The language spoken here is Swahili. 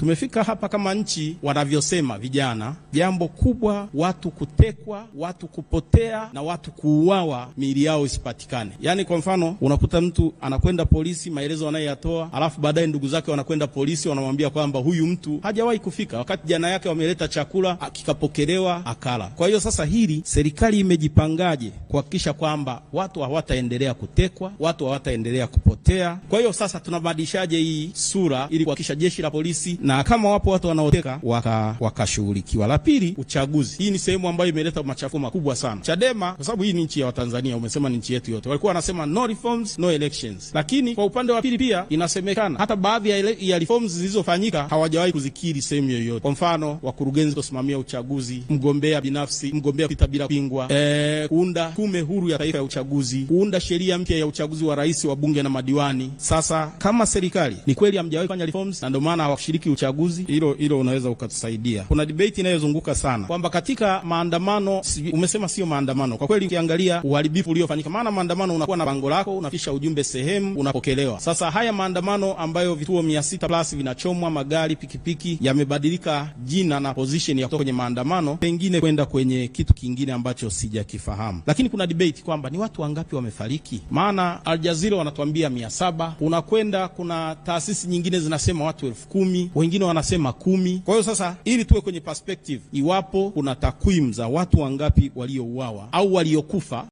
Tumefika hapa kama nchi, wanavyosema vijana, jambo kubwa, watu kutekwa, watu kupotea na watu kuuawa, miili yao isipatikane. Yaani kwa mfano, unakuta mtu anakwenda polisi, maelezo anayoyatoa, alafu baadaye ndugu zake wanakwenda polisi, wanamwambia kwamba huyu mtu hajawahi kufika, wakati jana yake wameleta chakula akikapokelewa, akala. Kwa hiyo sasa, hili serikali imejipangaje kuhakikisha kwamba watu hawataendelea kutekwa, watu hawataendelea kupotea? Kwa hiyo sasa tunabadilishaje hii sura ili kuhakikisha jeshi la polisi na kama wapo watu wanaoteka wakashughulikiwa. Waka la pili, uchaguzi. Hii ni sehemu ambayo imeleta machafuko makubwa sana. Chadema, kwa sababu hii ni nchi ya Watanzania, umesema ni nchi yetu yote, walikuwa wanasema no reforms no elections, lakini kwa upande wa pili pia inasemekana hata baadhi ya, ya reforms zilizofanyika hawajawahi kuzikiri sehemu yoyote. Kwa mfano, wakurugenzi kusimamia uchaguzi, mgombea binafsi, mgombea pita bila pingwa, e, eh, kuunda tume huru ya taifa ya uchaguzi, kuunda sheria mpya ya uchaguzi wa rais, wa bunge na madiwani. Sasa kama serikali ni kweli hamjawahi kufanya reforms na ndio maana hawashiriki uchaguzi. Hilo hilo unaweza ukatusaidia. Kuna debate inayozunguka sana kwamba katika maandamano si, umesema sio maandamano. Kwa kweli ukiangalia uharibifu uliofanyika, maana maandamano unakuwa na bango lako, unafisha ujumbe sehemu, unapokelewa. Sasa haya maandamano ambayo vituo 600 plus vinachomwa, magari, pikipiki yamebadilika jina na position ya kutoka kwenye maandamano pengine kwenda kwenye kitu kingine ambacho sijakifahamu, lakini kuna debate kwamba ni watu wangapi wamefariki. Maana Al Jazeera wanatuambia 700, unakwenda kuna taasisi nyingine zinasema watu elfu kumi wengine wanasema kumi. Kwa hiyo sasa, ili tuwe kwenye perspective, iwapo kuna takwimu za watu wangapi waliouawa au waliokufa